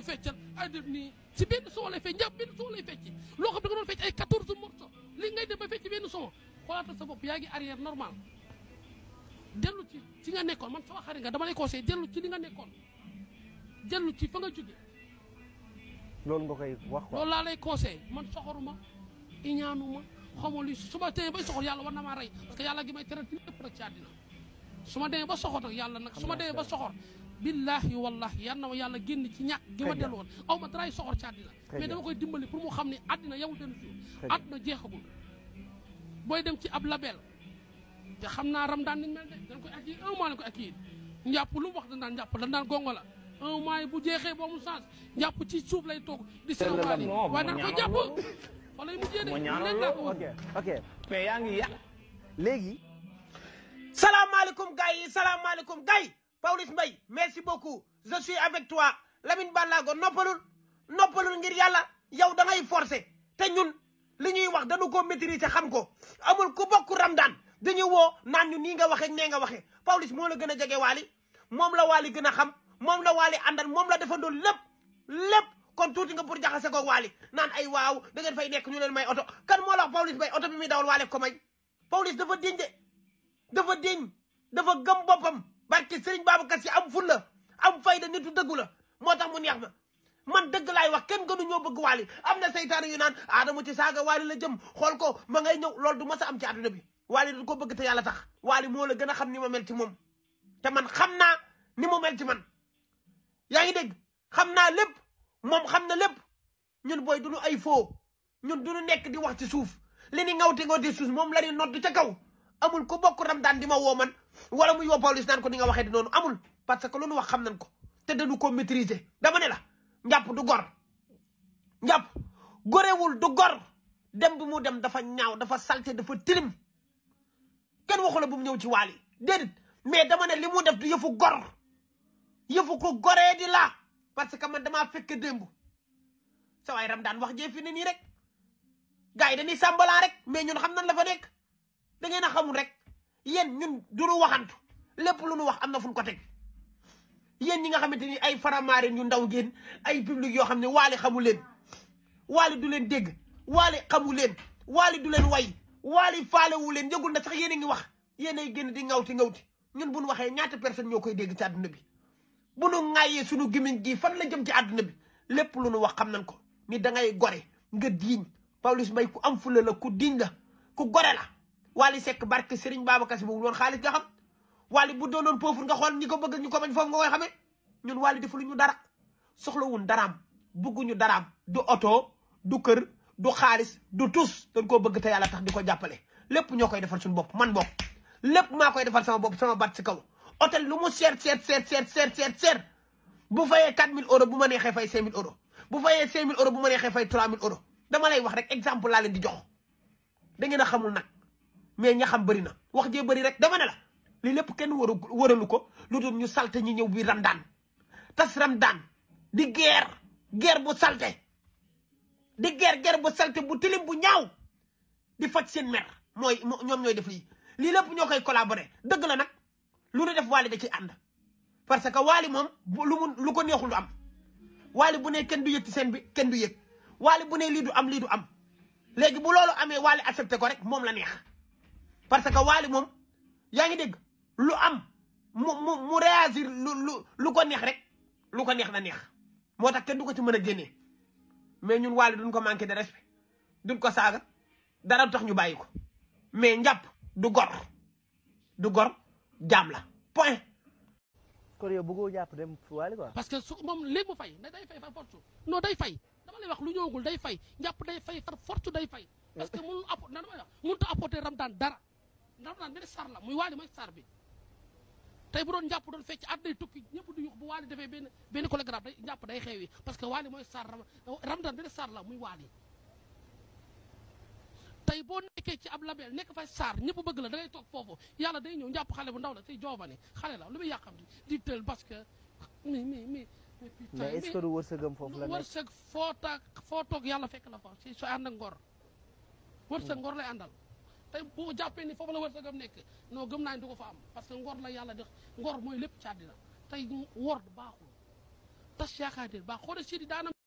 doon feccal ay def nii si benn son lay fecc njàpp benn son lay fecc loo xam ne da nga doon fecc ay 14 morceaux li ngay dem ba fecc benn son xoolaatal sa bopp yaa ngi arrière normal dellu ci ci nga nekkoon man sama xarit nga dama lay conseillé dellu ci li nga nekkoon dellu ci fa nga jóge loolu nga koy wax quoi loolu laa lay conseillé man soxoruma iñaanuma xamoo li su ma demee bay soxor yàlla war na maa rey parce que yàlla gi may teral ci lépp rek ci àddina yàlla nag su ma demee ba soxor billaahi wallaahi yal na ma yàlla génn ci ñàkk gi ma dellu woon aw ma daraay soxor ci àddina mais dama koy dimbali pour mu xam ne àddina yamul benn jour àddina jeexagul booy dem ci ab label te xam naa ramadan niñ mel de dañ koy accueillir un mois lañ koy accueillir njàpp lu mu wax dañ daan njàpp dañ daan gongo la un mois bu jeexee boo mu change njàpp ci suuf lay toog di sawali waaye daan koy jàpp wala mu jéede léegi laa ko wax ok mais yaa ngi yàq léegi salaamaaleykum gars salaamaaleykum gars Pawlish mbay merci beaucoup je suis avec toi Lamine Ballago noppalul noppalul ngir yàlla yow da ngay te ñun li ñuy wax dañu ko maîtriser xam ko amul ku bokk Ramdan ñu woo naan ñu nii nga waxee nee nga waxee Pawlish moo la gën a jege Wally moom la Wally gën a xam moom la Wally àndal moom la defandoo lépp lépp kon tuuti nga pour jaxase ko Wally naan ay waaw da ngeen fay nekk ñu leen may oto kan moo la wax Pawlish Mbaye oto bi dawal Wally ko may Pawlish dafa diñ de dafa diñ dafa gëm boppam barke Serigne Babacar yi am fulla am fayda nitu dëggu la moo tax mu neex ma man dëgg laay wax kenn gënu ñoo bëgg waali am na saytaane yu naan aadama ci saaga waali la jëm xool ko ma ngay ñëw loolu du ma sa am ci àdduna bi waali du ko bëgg te yàlla tax waali moo la gën a xam ni ma mel ci te man xam naa ni mu mel man yaa ngi dëgg xam naa lépp moom xam na lépp ñun booy duñu ay foo ñun du duñu nekk di wax ci suuf li ni ngawti ngawti suuf moom la ni nodd ca kaw amul ko bokk ram daan di ma woo man wala mu woo police naan ko ni nga waxee di noonu amul parce que lu nu wax xam nañ ko te dañu ko maîtriser dama ne la njàpp du gor njàpp gorewul du gor dem bu mu dem dafa ñaaw dafa salte dafa tilim kenn waxu bu mu ñëw ci waal yi déedéet mais dama ne li mu def du yëfu gor yëfu ko goree di la parce que man damaa fekk démb sa waay ram daan wax jee fi ne nii rek gars yi dañuy sàmbalaa rek mais ñun xam nañ la fa nekk da ngeen a xamul rek yéen ñun duñu waxantu lépp lu nu wax am na fu ñu ko teg yéen ñi nga xamante ni ay faramaareen yu ndaw génn ay public yoo xam ne waale xamu leen waale du leen dégg waale xamu leen waale du leen way waale faalewu leen yëgul na sax yéen a ngi wax yéen ay génn di ngawti ngawti ñun bu nu waxee ñaata personne ñoo koy dégg ci àdduna bi bu nu ŋaayee sunu gémmiñ gi fan la jëm ci àdduna bi lépp lu nu wax xam nañ ko ni da gore nga diiñ Pawlish Mbaye ku am fula la ku diiñ la ku gore la Wally Seck barke Serigne Babacar Sy boobu loolu xaalis nga xam Wally bu doonoon pauvre nga xool ñi ko bëgg ñu ko bañ foofu nga koy xamee ñun Wally defu ñu dara soxla soxlawun daraam bëgguñu daraam du oto du kër du xaalis du tus dañ koo bëgg te yàlla tax di ko jàppale lépp ñoo koy defal suñu bopp man bopp lépp maa koy defal sama bopp sama bat si kaw hôtel lu mu seet seet seet seet seet seet seet bu fayee 4000 euros bu ma neexee fay 5000 euros bu fayee 5000 euros bu ma neexee fay 3000 euros dama wax rek exemple laa leen di jox da ngeen a xamul nag mais ña xam bëri na wax jee bari rek dama ne la lii lépp kenn war waralu ko lu dul ñu salte ñi ñëw bi ramdaan tas ramdaan di guerre guerre bu salte di guerre guerre bu salte bu tilim bu ñaaw di faj seen mer mooy ñoom ñooy def lii lii lépp ñoo koy collaboré dëgg la nag lu nu def waali da ci ànd parce que waali moom lu mu lu ko neexul du am waali bu ne kenn du yëg seen bi kenn du yëg waali bu ne lii du am lii du am léegi bu loolu amee waali accepté ko rek moom la nee parce que Wally moom yaa ngi dégg lu am mu mu mu réagir lu lu lu ko neex rek lu ko neex na neex moo tax kenn du ko ci mën a génnee mais ñun Wally duñ ko manqué de respect duñ ko saaga dara tax ñu bàyyi ko mais njàpp du gor du gor jaam la point. ko yow bëggoo jàpp dem parce que su moom léegi mu fay day fay far fortu non day fay dama lay wax lu ñëwagul day fay njàpp day fay far day fay. Eh. parce que mënul apporter nan ma dara. ndar naa ne sar la muy waali mooy sar bi tey bu doon njàpp doon fekk at day tukki ñëpp du yux bu waali defee benn benn chorégraphe day njàpp day xewi parce que waali mooy sar ramadan benn sar la muy waali tey boo nekkee ci ab label nekk fay saar ñëpp bëgg la da ngay toog foofu yàlla day ñëw njàpp xale bu ndaw la tey joobane xale la lu muy yàqam di di parce que mi mi mi mais est-ce que du wërsëgam foofu la foo taag foo toog yàlla fekk la fa si soo ànd ak ngor wërsëg ngor lay àndal tey boo jàppee ni foofu sa wërsëgam nekk non gëm naa ni ko am parce que ngor la yàlla def ngor mooy lépp ci àddina tey wor baaxul tas yaakaar baax xoolal si di daanam